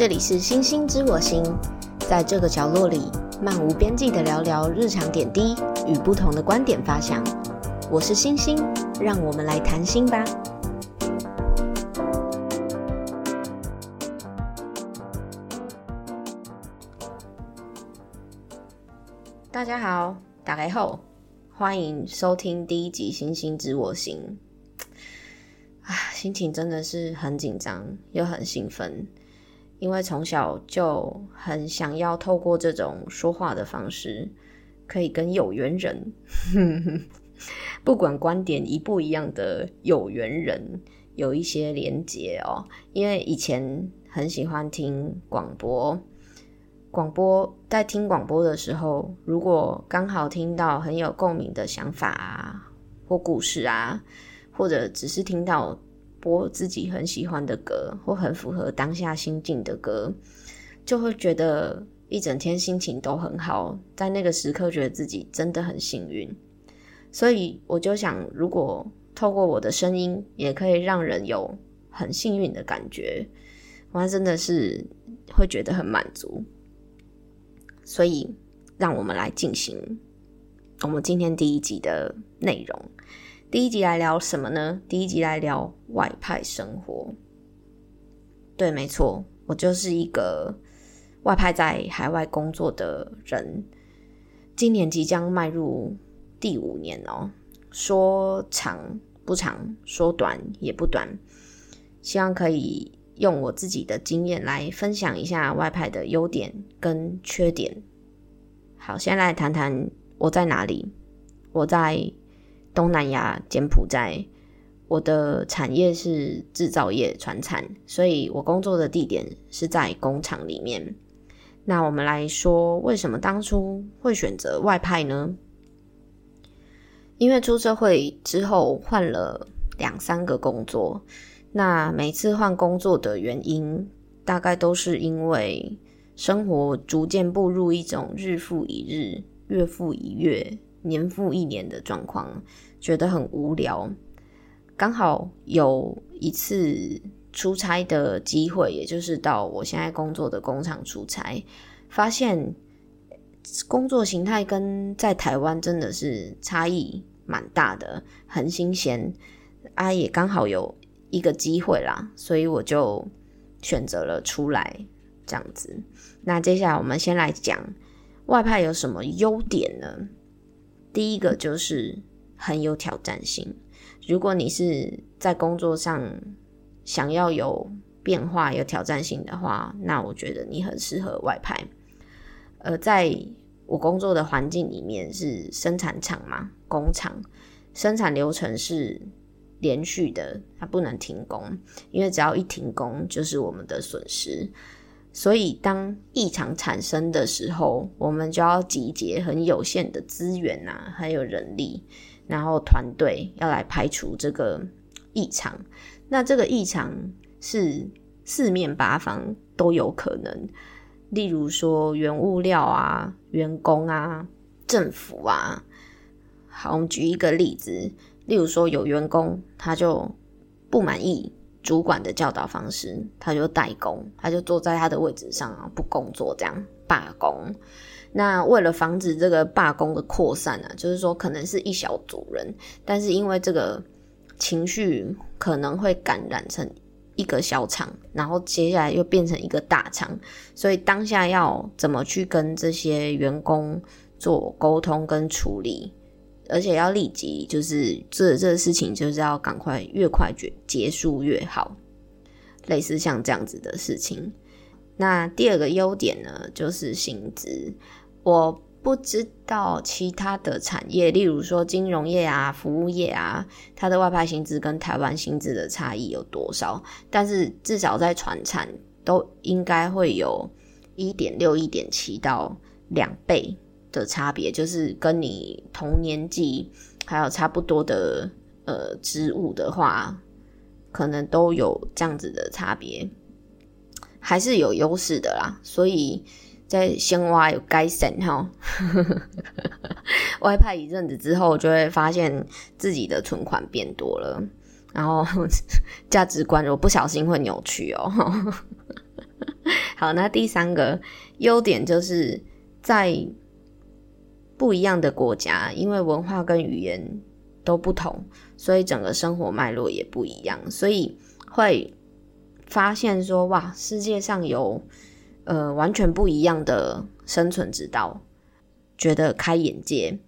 這裡是星星知我心，在這個角落裡漫無邊際的聊聊日常點滴，與不同的觀點發想。我是星星，讓我們來談心吧。大家好，打開後歡迎收聽第一集《星星知我心》。啊，心情真的是很緊張，又很興奮。因為從小就很想要透過這種說話的方式，可以跟有緣人呵呵，不管觀點一不一樣的有緣人有一些連結哦。因為以前很喜歡聽廣播，廣播在聽廣播的時候，如果剛好聽到很有共鳴的想法啊，或故事啊，或者只是聽到。播自己很喜歡的歌，或很符合當下心境的歌，就會覺得一整天心情都很好。在那個時刻，覺得自己真的很幸運。所以我就想，如果透過我的聲音，也可以讓人有很幸運的感覺，我還真的是會覺得很滿足。所以，讓我們來進行我們今天第一集的內容。第一集來聊什麼呢？第一集來聊外派生活。對，沒錯，我就是一個外派在海外工作的人，今年即將邁入第五年哦、喔，說長不長，說短也不短。希望可以用我自己的經驗來分享一下外派的優點跟缺點。好，先來談談我在哪裡，我在。東南亞，柬埔寨。我的產業是製造業、傳產，所以我工作的地點是在工廠裡面。那我們來說，為什麼當初會選擇外派呢？因為出社會之後換了兩三個工作，那每次換工作的原因，大概都是因為生活逐漸步入一種日復一日、月復一月。年復一年的狀況，覺得很無聊。剛好有一次出差的機會，也就是到我現在工作的工廠出差，發現工作形態跟在台灣真的是差異蠻大的，很新鮮。啊，也剛好有一個機會啦，所以我就選擇了出來這樣子。那接下來我們先來講外派有什麼優點呢？第一個就是很有挑戰性。如果你是在工作上想要有變化、有挑戰性的話，那我覺得你很適合外派。呃，在我工作的環境裡面是生產廠嘛，工廠生產流程是連續的，它不能停工，因為只要一停工就是我們的損失。所以，當異常產生的時候，我們就要集結很有限的資源啊，還有人力，然後團隊要來排除這個異常。那這個異常是四面八方都有可能，例如說原物料啊、員工啊、政府啊。好，我們舉一個例子，例如說有員工他就不滿意。主管的教導方式，他就怠工，他就坐在他的位置上啊，不工作，這樣罷工。那為了防止這個罷工的擴散啊，就是說可能是一小組人，但是因為這個情緒可能會感染成一個小廠，然後接下來又變成一個大廠，所以當下要怎麼去跟這些員工做溝通跟處理？而且要立即，就是這個這個事情就是要趕快，越快結結束越好。類似像這樣子的事情。那第二個優點呢，就是薪資。我不知道其他的產業，例如說金融業啊、服務業啊，它的外派薪資跟台灣薪資的差異有多少？但是至少在傳產都應該會有一點六、一點七到兩倍。的差別就是跟你同年紀還有差不多的呃職務的話，可能都有這樣子的差別，還是有優勢的啦。所以在先挖有改善哈，外派一陣子之後，就會發現自己的存款變多了，然後價值觀我不小心會扭曲哦、喔。好，那第三個優點就是在。不一樣的國家，因為文化跟語言都不同，所以整個生活脈絡也不一樣，所以會發現說哇，世界上有呃完全不一樣的生存之道，覺得開眼界。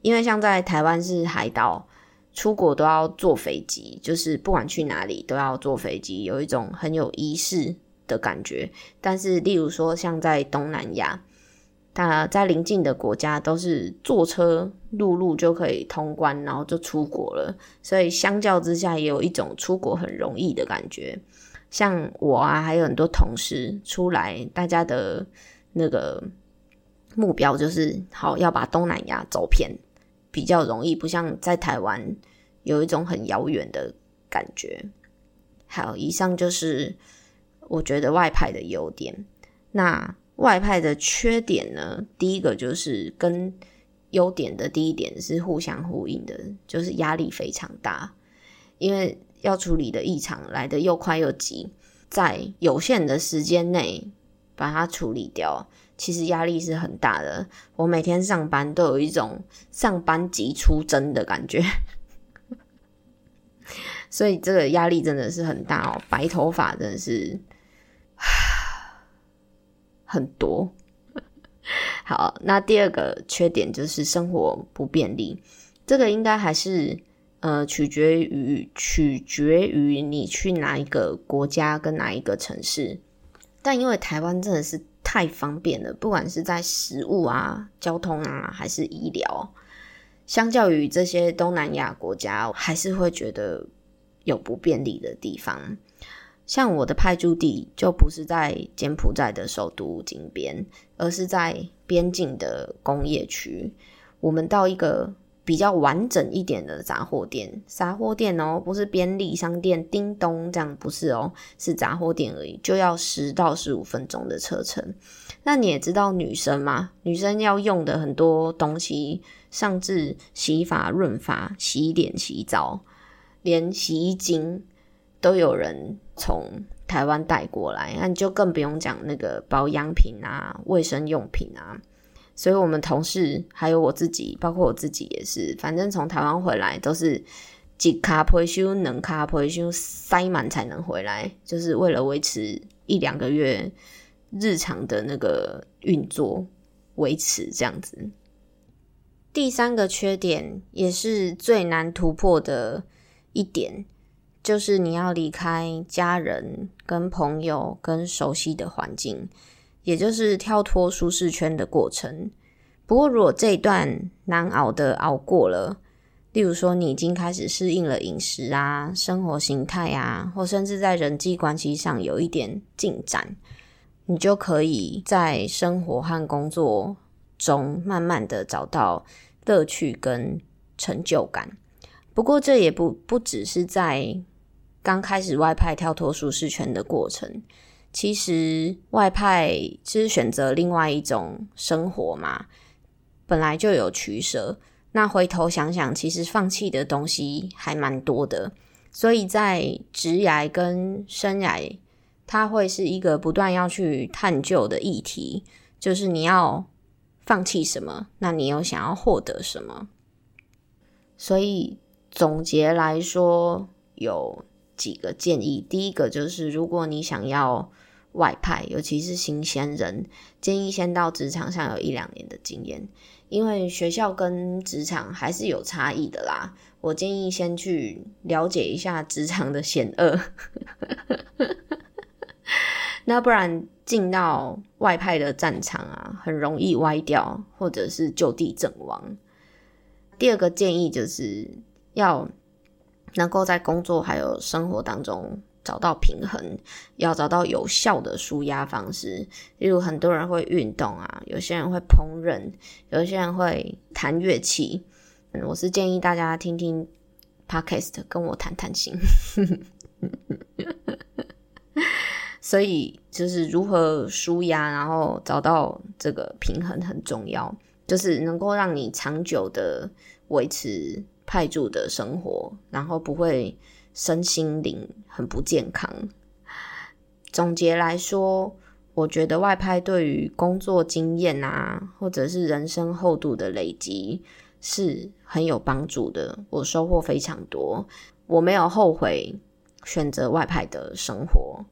因為像在台灣是海島，出國都要坐飛機，就是不管去哪裡都要坐飛機，有一種很有儀式的感覺。但是例如說像在東南亞。但在鄰近的國家都是坐車陸路就可以通關，然後就出國了，所以相較之下也有一種出國很容易的感覺。像我啊，還有很多同事出來，大家的那個目標就是好，要把東南亞走遍，比較容易，不像在台灣有一種很遙遠的感覺。好，以上就是我覺得外派的優點。那。外派的缺點呢，第一個就是跟優點的第一點是互相呼應的，就是壓力非常大，因為要處理的異常來得又快又急，在有限的時間內把它處理掉，其實壓力是很大的。我每天上班都有一種上班即出征的感覺，所以這個壓力真的是很大哦，白頭髮真的是。很多， 好，那第二個缺點就是生活不便利。這個應該還是呃取決於取決於你去哪一個國家跟哪一個城市，但因為台灣真的是太方便了，不管是在食物啊、交通啊，還是醫療，相較於這些東南亞國家，還是會覺得有不便利的地方。像我的派駐地就不是在柬埔寨的首都金邊，而是在邊境的工業區。我們到一個比較完整一點的雜貨店，雜貨店哦、喔，不是便利商店，叮咚這樣不是哦、喔，是雜貨店而已，就要十到十五分鐘的車程。那你也知道女生嘛，女生要用的很多東西，上至洗髮、潤髮、洗臉、洗澡，連洗衣精，都有人從台灣帶過來，那你就更不用講那個保養品啊、衛生用品啊。所以我們同事還有我自己，包括我自己也是，反正從台灣回來都是幾卡、push 能卡、push 塞滿才能回來，就是為了維持一兩個月日常的那個運作、維持這樣子。第三個缺點也是最難突破的一點，就是你要離開家人、跟朋友、跟熟悉的環境，也就是跳脫舒適圈的過程。不過，如果這一段難熬的熬過了，例如說你已經開始適應了飲食啊、生活形態啊，或甚至在人際關係上有一點進展，你就可以在生活和工作中慢慢的找到樂趣跟成就感。不過，這也不不只是在。剛開始外派跳脫舒適圈的過程，其實外派其實選擇另外一種生活嘛，本來就有取舍。那回頭想想，其實放棄的東西還蠻多的。所以在職涯跟生涯，它會是一個不斷要去探究的議題，就是你要放棄什麼，那你又想要獲得什麼？所以總結來說，有。幾個建議，第一個就是，如果你想要外派，尤其是新鮮人，建議先到職場上有一兩年的經驗，因為學校跟職場還是有差異的啦。我建議先去了解一下職場的險惡， 那不然進到外派的戰場啊，很容易歪掉，或者是就地陣亡。第二個建議就是要。能夠在工作還有生活當中找到平衡，要找到有效的舒壓方式。例如，很多人會運動啊，有些人會烹飪，有些人會彈樂器。嗯，我是建議大家聽聽 Podcast，跟我談談心。 所以，就是如何舒壓，然後找到這個平衡很重要，就是能夠讓你長久的維持。派駐的生活，然後不會身心靈很不健康。總結來說，我覺得外派對於工作經驗啊，或者是人生厚度的累積是很有幫助的。我收穫非常多，我沒有後悔選擇外派的生活。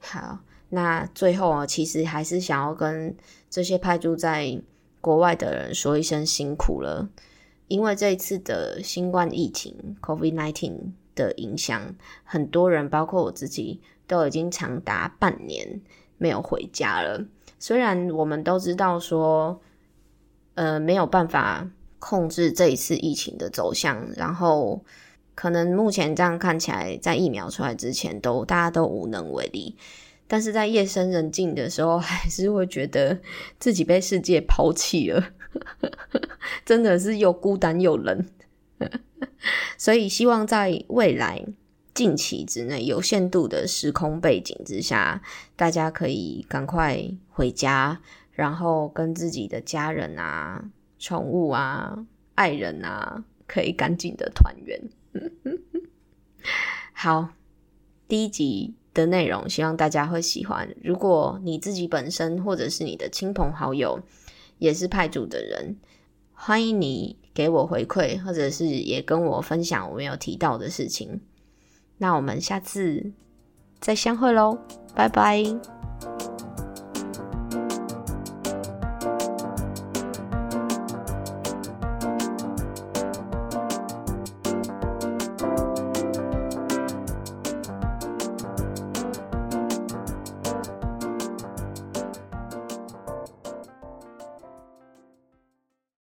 好，那最後啊，其實還是想要跟這些派駐在國外的人說一聲辛苦了。因為這一次的新冠疫情 （COVID-19） 的影響，很多人，包括我自己，都已經長達半年沒有回家了。雖然我們都知道說，呃，沒有辦法控制這一次疫情的走向，然後可能目前這樣看起來，在疫苗出來之前都，都大家都無能為力。但是在夜深人靜的時候，還是會覺得自己被世界拋棄了。 真的是又孤單又冷， 所以希望在未來近期之內，有限度的時空背景之下，大家可以趕快回家，然後跟自己的家人啊、寵物啊、愛人啊，可以趕緊的團圓。好，第一集的內容希望大家會喜歡。如果你自己本身或者是你的親朋好友，也是派駐的人，歡迎你給我回饋，或者是也跟我分享我沒有提到的事情。那我們下次再相會嘍，拜拜。